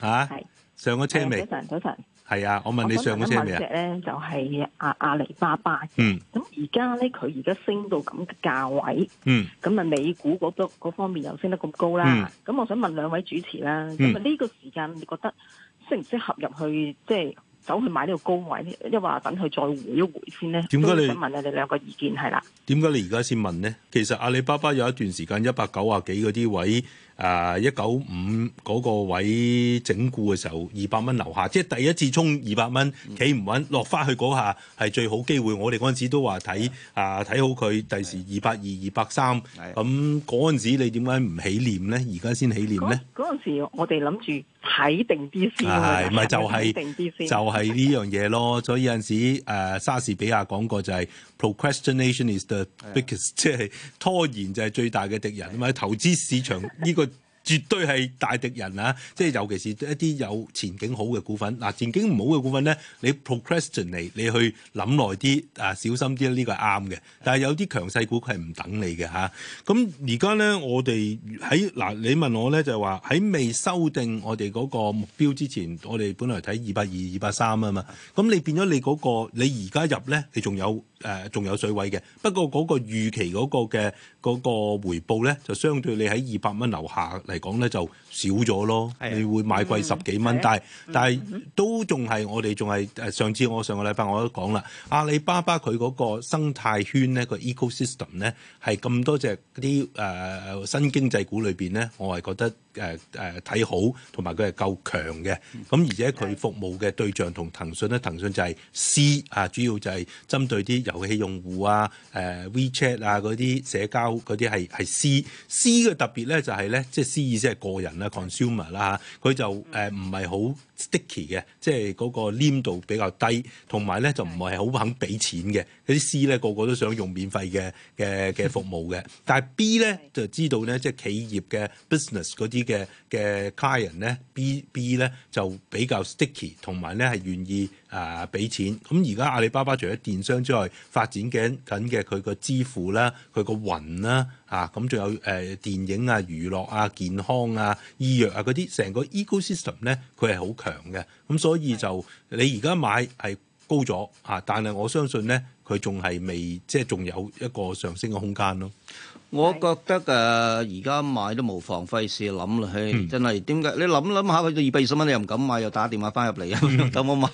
吓，上咗車未？早晨，早晨。係啊，我問你上嗰隻咧就係阿阿里巴巴。嗯。咁而家咧，佢而家升到咁嘅價位。嗯。咁啊，美股嗰度嗰方面又升得咁高啦。咁我想問兩位主持啦，咁啊呢個時間你覺得適唔適合入去，即係走去買呢個高位咧？定話等佢再回一回先咧。點解你？我想問下你兩個意見係啦。點解你而家先問咧？其實阿里巴巴有一段時間一百九啊幾嗰啲位。誒一九五嗰個位整固嘅時候，二百蚊樓下，即係第一次衝二百蚊企唔穩落翻去嗰下係最好機會。我哋陣時都話睇啊，睇好佢第時二百二、二百三。咁陣時你點解唔起念咧？而家先起念咧？陣時我哋諗住睇定啲先，係咪就係定啲先就係呢樣嘢咯。所以有陣時誒莎士比亞講過就係 procrastination is the biggest，即係拖延就係最大嘅敵人。咪投資市場呢個。絕對係大敵人啊！即係尤其是一啲有前景好嘅股份，嗱前景唔好嘅股份咧，你 procrastinate 你去諗耐啲啊，小心啲咧，呢、這個係啱嘅。但係有啲強勢股佢係唔等你嘅嚇。咁而家咧，我哋喺嗱，你問我咧就係話喺未修訂我哋嗰個目標之前，我哋本來睇二百二、二百三啊嘛。咁你變咗你嗰、那個，你而家入咧，你仲有誒仲、呃、有水位嘅。不過嗰個預期嗰個嘅嗰、那個回報咧，就相對你喺二百蚊樓下。嚟講咧就少咗咯，的你會買貴十幾蚊，嗯、但係的但係、嗯、都仲係我哋仲係誒。上次我上個禮拜我都講啦，阿里巴巴佢嗰個生態圈咧個 ecosystem 咧係咁多隻啲誒、呃、新經濟股裏邊咧，我係覺得。誒誒睇好，同埋佢係夠強嘅，咁、嗯、而且佢服務嘅對象同騰訊咧，騰訊就係 C 啊，主要就係針對啲遊戲用戶啊，誒、呃、WeChat 啊嗰啲社交嗰啲係係 C，C 嘅特別咧就係、是、咧，即、就、係、是、C 意思係個人啦，consumer 啦、啊、嚇，佢就誒唔係好。呃 Sticky 嘅，即係嗰個黏度比較低，同埋咧就唔係好肯俾錢嘅。啲是的 C 咧個個都想用免費嘅嘅嘅服務嘅。但係 B 咧是的 就知道咧，即係企業嘅 business 嗰啲嘅嘅 client 咧，B B 咧就比較 sticky，同埋咧係願意啊俾、呃、錢。咁而家阿里巴巴除咗電商之外，發展緊緊嘅佢個支付啦，佢個雲啦。啊，咁仲有誒、呃、電影啊、娛樂啊、健康啊、醫藥啊嗰啲，成個 ecosystem 咧，佢係好強嘅。咁所以就的你而家買係高咗啊，但係我相信咧，佢仲係未即係仲有一個上升嘅空間咯。我覺得誒而家買都無妨，費事諗啦，嘿！真係點解你諗諗下去到二百二十蚊，你想想又唔敢買，又打電話翻入嚟，又唔敢買。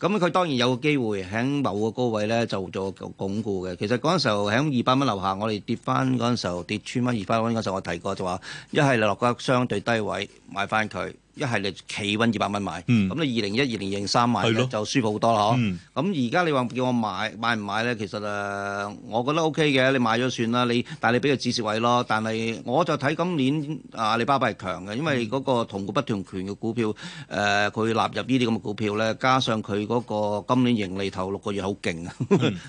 咁佢 [laughs] 當然有個機會喺某個高位咧，就做個鞏固嘅。其實嗰陣時候喺二百蚊樓下，我哋跌翻嗰陣時候、嗯、跌穿蚊二百蚊嗰時候我提過就話一係落個相對低位買翻佢，一係你企穩二百蚊買，咁你二零一二年、二零三買咧就舒服好多咯。咁而家你話叫我買買唔買咧？其實誒，我覺得 OK 嘅，你買咗算啦。你但係你俾個止蝕位咯。但係我就睇今年啊，阿里巴巴係強嘅，因為嗰個同股不同權嘅股票誒，佢納入呢啲咁嘅股票咧，加上佢嗰個今年盈利頭六個月好勁，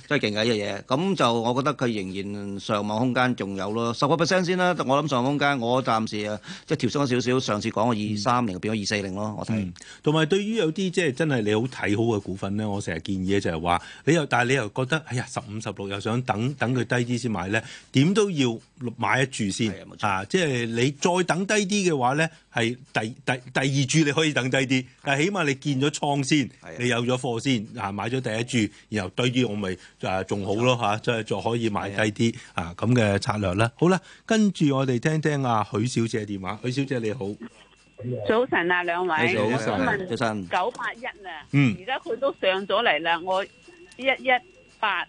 真係勁嘅一樣嘢。咁就我覺得佢仍然上網空間仲有咯，十個 percent 先啦。我諗上網空間，我暫時誒即係調升咗少少。上次講嘅二三年。變咗二四零咯，我睇。同埋、嗯、對於有啲即係真係你好睇好嘅股份咧，我成日建議咧就係話，你又但係你又覺得哎呀十五十六又想等等佢低啲先買咧，點都要買一注先啊！即、就、係、是、你再等低啲嘅話咧，係第第第二注你可以等低啲，但係起碼你建咗倉先，的你有咗貨先啊，買咗第一注，然後對於我咪啊仲好咯吓，即係仲可以買低啲的啊，咁嘅策略啦。好啦，跟住我哋聽聽阿許小姐嘅電話，許小姐你好。 [laughs] 早晨啊，兩位，早晨上，早晨上。九八一啊，而家佢都上咗嚟啦，我一一八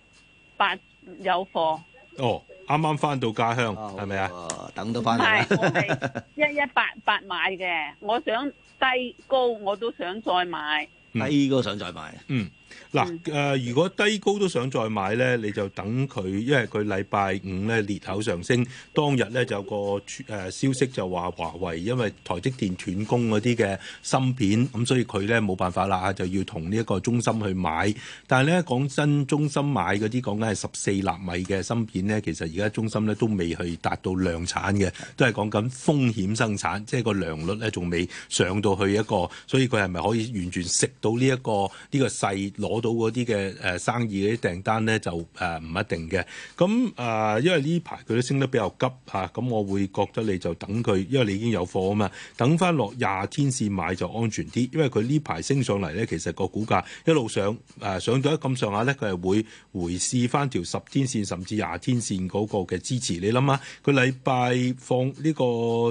八有貨。哦，啱啱翻到家鄉係咪啊？哦、是是等到翻嚟，一一八八買嘅， [laughs] 我想低高我都想再買，嗯、低高想再買，嗯。嗱誒、呃，如果低高都想再買咧，你就等佢，因為佢禮拜五咧裂口上升，當日咧就有個誒、呃、消息就話華為因為台積電斷供嗰啲嘅芯片，咁所以佢咧冇辦法啦，就要同呢一個中芯去買。但係咧講真，中芯買嗰啲講緊係十四納米嘅芯片咧，其實而家中芯咧都未去達到量產嘅，都係講緊風險生產，即係個良率咧仲未上到去一個，所以佢係咪可以完全食到呢、這、一個呢、這個細。攞到嗰啲嘅誒生意嗰啲訂單咧，就誒唔一定嘅。咁誒、呃，因為呢排佢都升得比較急啊，咁我會覺得你就等佢，因為你已經有貨啊嘛，等翻落廿天線買就安全啲。因為佢呢排升上嚟咧，其實個股價一路上誒、啊、上到一咁上下咧，佢係會回試翻條十天線甚至廿天線嗰個嘅支持。你諗下，佢禮拜放呢個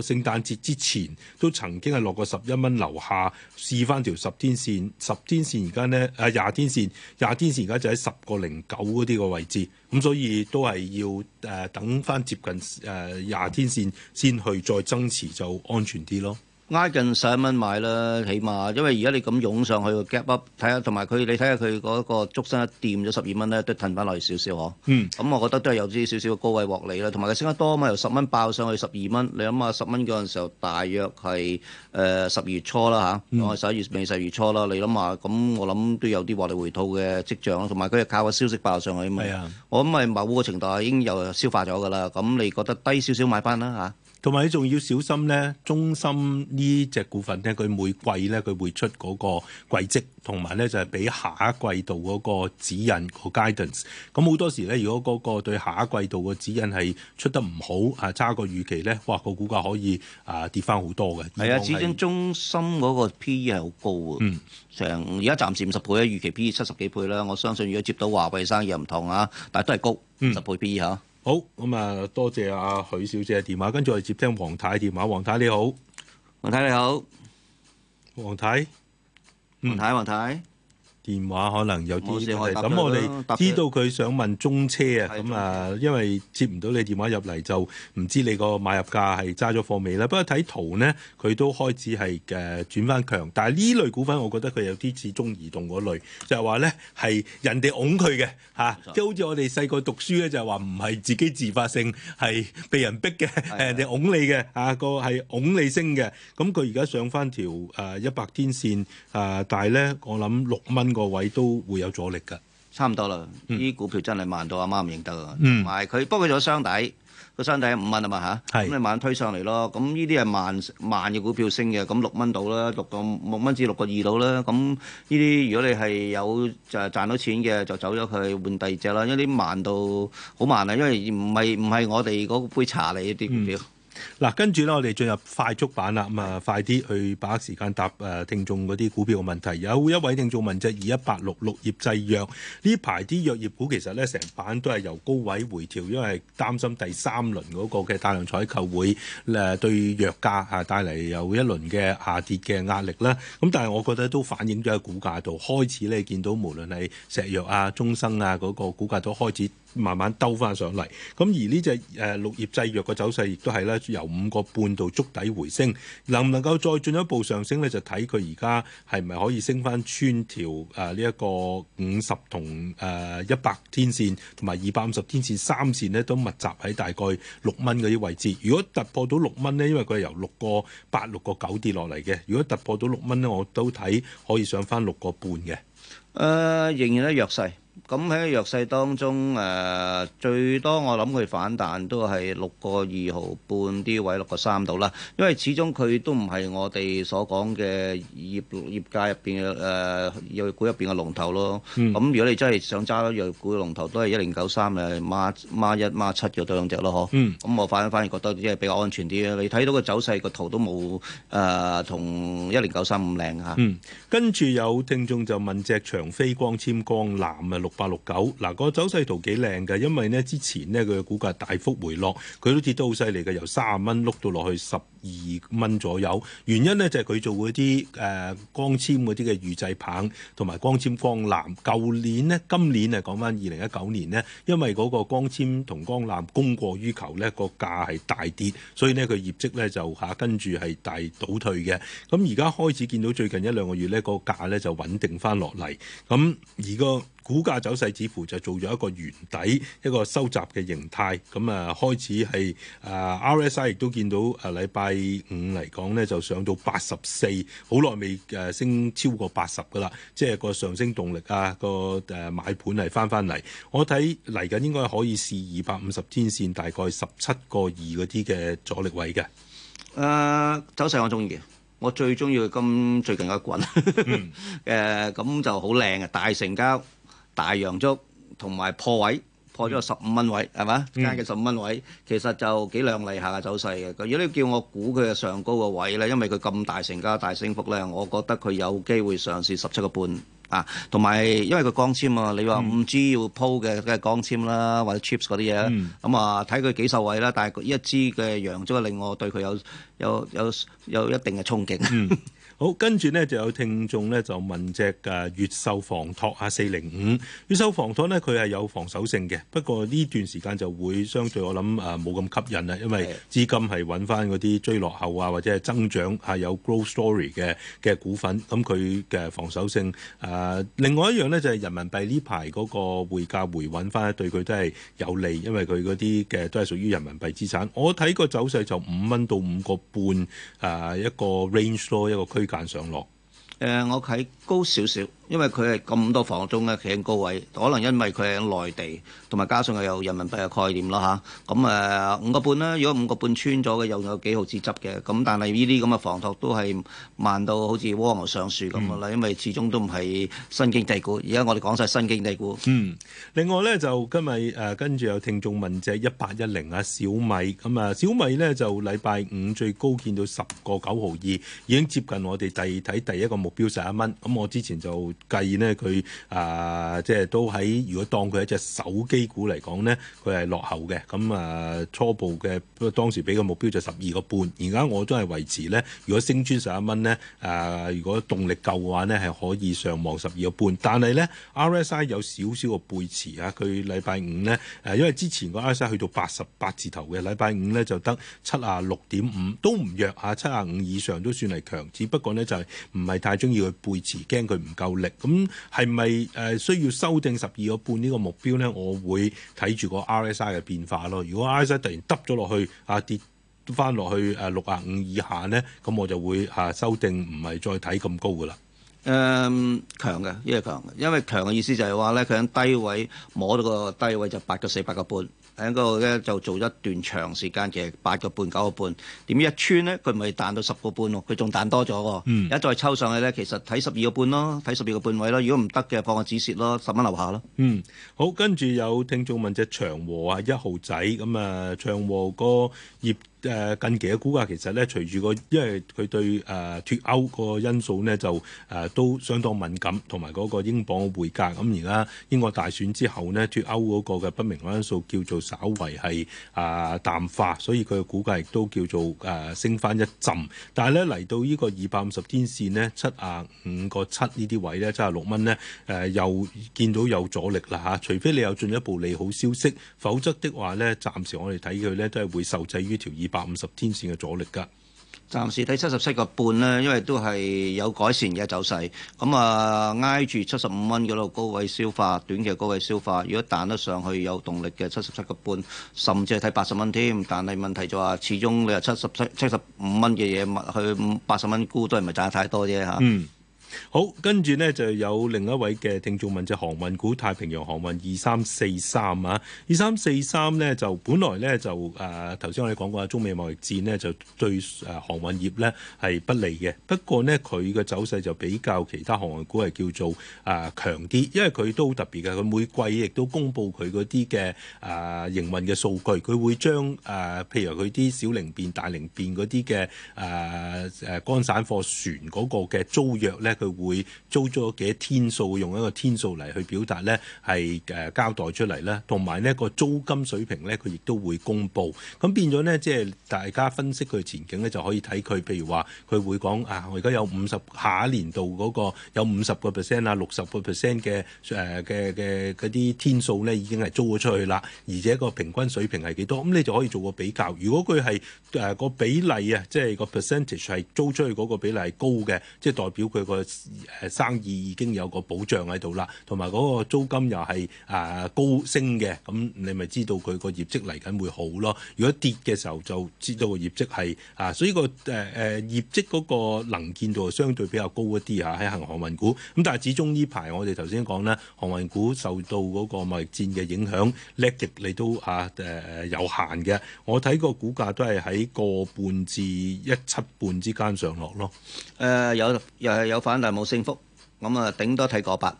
聖誕節之前都曾經係落過十一蚊樓下試翻條十天線，十天線而家咧啊廿天天線廿天線而家就喺十個零九嗰啲個位置，咁所以都係要誒、呃、等翻接近誒廿、呃、天線先去再增持就安全啲咯。挨近十一蚊買啦，起碼，因為而家你咁湧上去個 gap up，睇下，同埋佢你睇下佢嗰個足身一掂咗十二蚊咧，都騰翻落嚟少少呵。咁我覺得都係有啲少少高位獲利啦。同埋佢升得多啊嘛，由十蚊爆上去十二蚊，你諗下，十蚊嗰陣時候大約係誒十二月初啦嚇、啊嗯嗯，我十一月尾十二月初啦。你諗下，咁我諗都有啲獲利回吐嘅跡象啦。同埋佢係靠個消息爆上去嘛。係啊、哎呀，我諗咪某個程度已經又消化咗㗎啦。咁你覺得低少少買翻啦嚇。啊同埋你仲要小心咧，中心呢隻股份咧，佢每季咧佢會出嗰個季績，同埋咧就係俾下一季度嗰個指引個 guidance。咁好多時咧，如果嗰個對下一季度個指引係出得唔好啊，差過預期咧，哇個股價可以啊跌翻好多嘅。係啊，始終中心嗰個 P E 係好高啊。嗯。成而家暫時五十倍啊，預期 P E 七十幾倍啦。我相信如果接到華為生意又唔同啊，但係都係高五十倍 P E 嚇。嗯。好，咁啊，多謝阿許小姐嘅電話，跟住我哋接聽黃太嘅電話。黃太你好，黃太你好，黃太,嗯、黃太，黃太，黃太。電話可能有啲咁事，我哋知道佢想問中車啊，咁啊，因為接唔到你電話入嚟就唔知你個買入價係揸咗貨未啦。不過睇圖咧，佢都開始係誒、uh, 轉翻強，但係呢類股份我覺得佢有啲似中移動嗰類，就係話咧係人哋擁佢嘅嚇，即、啊、係錯好似我哋細個讀書咧，就係話唔係自己自發性，係被人逼嘅，誒的人哋擁你嘅嚇，個係擁你升嘅，咁佢而家上翻條誒一百天線誒，但係咧我諗六蚊。個位都會有阻力噶，差唔多啦。呢、嗯、股票真係慢到阿媽唔認得啊。嗯，埋佢幫佢做箱底，個箱底五蚊啊嘛吓，咁是你慢慢推上嚟咯。咁呢啲係慢慢嘅股票升嘅，咁六蚊到啦，六個五蚊至六個二到啦。咁呢啲如果你係有就係賺到錢嘅，就走咗佢換第二隻啦。因啲慢到好慢啊，因為唔係唔係我哋嗰杯茶嚟啲股票。嗯嗱，跟住咧，我哋進入快速版啦，咁、嗯、啊，快啲去把握時間答誒、呃、聽眾嗰啲股票嘅問題。有一位聽眾問就：二一八六、綠葉製藥呢排啲藥業股其實咧，成版都係由高位回調，因為擔心第三輪嗰個嘅大量採購會誒、呃、對藥價啊帶嚟有一輪嘅下跌嘅壓力啦。咁、嗯、但係我覺得都反映咗喺股價度，開始咧你見到無論係石藥啊、中生啊嗰、那個股價都開始慢慢兜翻上嚟，咁而呢隻誒綠葉製藥嘅走勢亦都係啦，由五個半到觸底回升，能唔能夠再進一步上升咧？就睇佢而家係咪可以升翻穿條誒呢一個五十同誒一百天線，同埋二百五十天線三線呢？都密集喺大概六蚊嗰啲位置。如果突破到六蚊呢，因為佢係由六個八、六個九跌落嚟嘅。如果突破到六蚊呢，我都睇可以上翻六個半嘅。誒、呃，仍然係弱勢。咁喺弱勢當中，誒最多我諗佢反彈都係六個二毫半啲位，六個三度啦。因為始終佢都唔係我哋所講嘅業業界入邊嘅誒藥股入邊嘅龍頭咯。咁如果你真係想揸到藥股嘅龍頭，都係一零九三誒孖孖一孖七多兩隻咯，嗬。咁我反反而覺得即係比較安全啲啊。你睇到個走勢個圖都冇誒同一零九三咁靚嚇。嗯，跟住有聽眾就問隻長飛光纖光纜啊。六八六九嗱，啊那個走勢圖幾靚嘅，因為咧之前咧佢嘅股價大幅回落，佢都跌得好犀利嘅，由卅啊蚊碌到落去十二蚊左右，原因呢就係佢做嗰啲誒光纖嗰啲嘅預製棒同埋光纖光纜，舊年呢，今年係講翻二零一九年呢，因為嗰個光纖同光纜供過於求呢個價係大跌，所以呢，佢業績呢就吓跟住係大倒退嘅。咁而家開始見到最近一兩個月呢個價呢就穩定翻落嚟。咁而個股價走勢似乎就做咗一個圓底，一個收集嘅形態，咁啊開始係誒 RSI 亦都見到誒禮拜。第五嚟講呢，就上到八十四，好耐未誒升超過八十噶啦，即係個上升動力啊，個誒買盤係翻翻嚟。我睇嚟緊應該可以試二百五十天線，大概十七個二嗰啲嘅阻力位嘅。誒、呃、走勢我中意，嘅，我最中意咁最近一滾。誒 [laughs] 咁、嗯呃、就好靚啊，大成交、大陽燭同埋破位。破咗十五蚊位係嘛，加嘅十五蚊位其實就幾靚麗下嘅走勢嘅。如果你叫我估佢嘅上高嘅位咧，因為佢咁大成交、大升幅咧，我覺得佢有機會上試十七個半啊。同埋因為佢光纖啊，你話五 G 要鋪嘅梗係光纖啦，或者 chips 嗰啲嘢，咁啊睇佢幾受惠啦。但係依一支嘅陽燭令我對佢有有有有一定嘅憧憬。嗯好，跟住呢就有聽眾呢就問隻嘅越秀房託啊四零五，越秀房託呢佢係有防守性嘅，不過呢段時間就會相對我諗啊冇咁吸引啊，因為資金係揾翻嗰啲追落後啊或者係增長啊有 growth story 嘅嘅股份，咁佢嘅防守性誒、呃、另外一樣呢就係、是、人民幣呢排嗰個匯價回穩翻，對佢都係有利，因為佢嗰啲嘅都係屬於人民幣資產，我睇個走勢就五蚊到五個半誒一個 range 咯，一個區。區間上落，誒、呃，我睇高少少。因為佢係咁多房中咧，企喺高位，可能因為佢喺內地，同埋加上又有人民幣嘅概念咯吓，咁、啊、誒五個半啦，如果五個半穿咗嘅，又有幾毫子執嘅。咁但係呢啲咁嘅房託都係慢到好似蝸牛上樹咁嘅啦。嗯、因為始終都唔係新經濟股。而家我哋講晒新經濟股。嗯，另外咧就今日誒跟住有聽眾問隻一八一零啊小米咁啊、嗯、小米呢就禮拜五最高見到十個九毫二，已經接近我哋第二睇第一個目標十一蚊。咁我之前就計呢，佢啊、呃，即係都喺如果當佢一隻手機股嚟講呢，佢係落後嘅。咁啊、呃，初步嘅當時俾嘅目標就十二個半，而家我都係維持呢。如果升穿十一蚊呢，啊、呃，如果動力夠嘅話呢，係可以上望十二個半。但係呢 RSI 有少少個背馳啊，佢禮拜五呢，誒，因為之前個 RSI 去到八十八字頭嘅，禮拜五呢，就得七啊六點五，都唔弱啊，七啊五以上都算係強。只不過呢，就係唔係太中意佢背馳，驚佢唔夠力。咁係咪誒需要修正十二個半呢個目標咧？我會睇住個 RSI 嘅變化咯。如果 RSI 突然耷咗落去啊，跌翻落去誒六啊五以下咧，咁我就會啊修正，唔係再睇咁高噶啦。誒強嘅，因為強，因為強嘅意思就係話咧，佢喺低位摸到個低位就八個四，八個半。喺嗰度咧就做一段長時間嘅八個半九個半，點一穿咧佢咪彈到十個半咯，佢仲彈多咗喎。一再抽上去咧，其實睇十二個半咯，睇十二個半位咯。如果唔得嘅，放個止蝕咯，十蚊留下咯。嗯，好，跟住有聽眾問隻長和啊一號仔咁啊長和個業。誒近期嘅股價其實咧，隨住、那個因為佢對誒脫、呃、歐個因素呢，就誒、呃、都相當敏感，同埋嗰個英鎊匯價。咁而家英國大選之後呢，脫歐嗰個嘅不明嗰因素叫做稍微係誒、呃、淡化，所以佢嘅股價亦都叫做誒、呃、升翻一陣。但係咧嚟到呢個二百五十天線呢，七啊五個七呢啲位呢，七啊六蚊呢，誒、呃、又見到有阻力啦嚇、啊。除非你有進一步利好消息，否則的話呢，暫時我哋睇佢呢，都係會受制於條百五十天線嘅阻力㗎，暫時睇七十七個半呢，因為都係有改善嘅走勢。咁啊挨住七十五蚊嗰度高位消化，短期高位消化。如果彈得上去有動力嘅七十七個半，甚至係睇八十蚊添。但係問題就話，始終你話七十七、七十五蚊嘅嘢物去八十蚊沽都係咪賺得太多啫嚇？嗯好，跟住呢就有另一位嘅聽眾問隻航運股太平洋航運二三四三啊，二三四三呢，就本來呢，就誒頭先我哋講過中美貿易戰呢，就對誒航運業呢係不利嘅。不過呢，佢嘅走勢就比較其他航運股係叫做誒、呃、強啲，因為佢都特別嘅，佢每季亦都公布佢嗰啲嘅誒營運嘅數據，佢會將誒、呃、譬如佢啲小靈便、大靈便嗰啲嘅誒誒乾散貨船嗰個嘅租約呢。佢會租咗幾多天數，用一個天數嚟去表達咧，係誒、呃、交代出嚟啦。同埋呢個租金水平咧，佢亦都會公布。咁變咗咧，即係大家分析佢前景咧，就可以睇佢。譬如話，佢會講啊，我而家有五十下一年度嗰個有五十個 percent 啊，六十個 percent 嘅誒嘅嘅嗰啲天數咧，已經係租咗出去啦。而且個平均水平係幾多？咁你就可以做個比較。如果佢係誒個比例啊，即係個 percentage 係租出去嗰個比例係高嘅，即係代表佢個。誒生意已經有個保障喺度啦，同埋嗰個租金又係啊高升嘅，咁你咪知道佢個業績嚟緊會好咯。如果跌嘅時候就知道個業績係啊，所以、這個誒誒、呃、業績嗰個能見度相對比較高一啲嚇，喺、啊、行航運股。咁但係始終呢排我哋頭先講咧，航運股受到嗰個貿易戰嘅影響，叻極你都嚇誒有限嘅。我睇個股價都係喺個半至一七半之間上落咯。誒有又係有反。但係冇升幅，咁啊，頂多睇個八。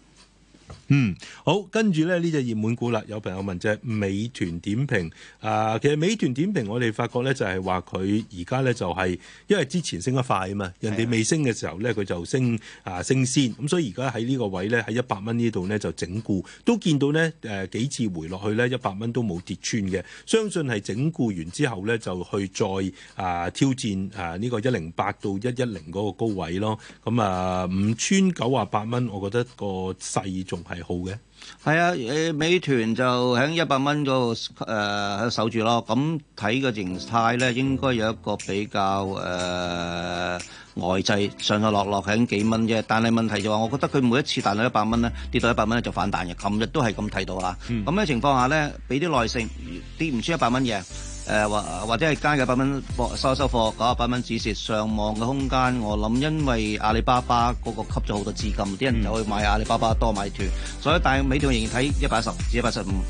嗯，好，跟住咧呢隻熱門股啦，有朋友問隻、就是、美團點評啊、呃，其實美團點評我哋發覺呢，就係話佢而家呢，就係因為之前升得快啊嘛，人哋未升嘅時候呢，佢就升啊、呃、升先，咁、呃、所以而家喺呢個位呢，喺一百蚊呢度呢，就整固，都見到呢，誒、呃、幾次回落去呢，一百蚊都冇跌穿嘅，相信係整固完之後呢，就去再啊、呃、挑戰啊呢個一零八到一一零嗰個高位咯，咁啊五千九啊八蚊，5, 我覺得個勢仲係。好嘅的，係啊！誒，美團就喺一百蚊嗰度守住咯。咁睇個形態咧，應該有一個比較誒、呃、外滯上上落落喺幾蚊啫。但係問題就話，我覺得佢每一次彈到一百蚊咧，跌到一百蚊咧就反彈嘅。今日都係咁睇到啊！咁嘅情況下咧，俾啲耐性，跌唔穿一百蚊嘅。.誒或、呃、或者係加一百蚊貨收收貨，九啊八蚊止蝕，上網嘅空間我諗，因為阿里巴巴嗰個吸咗好多資金，啲、嗯、人又去買阿里巴巴多買團，所以但係美團仍然睇一百一十至一百十五。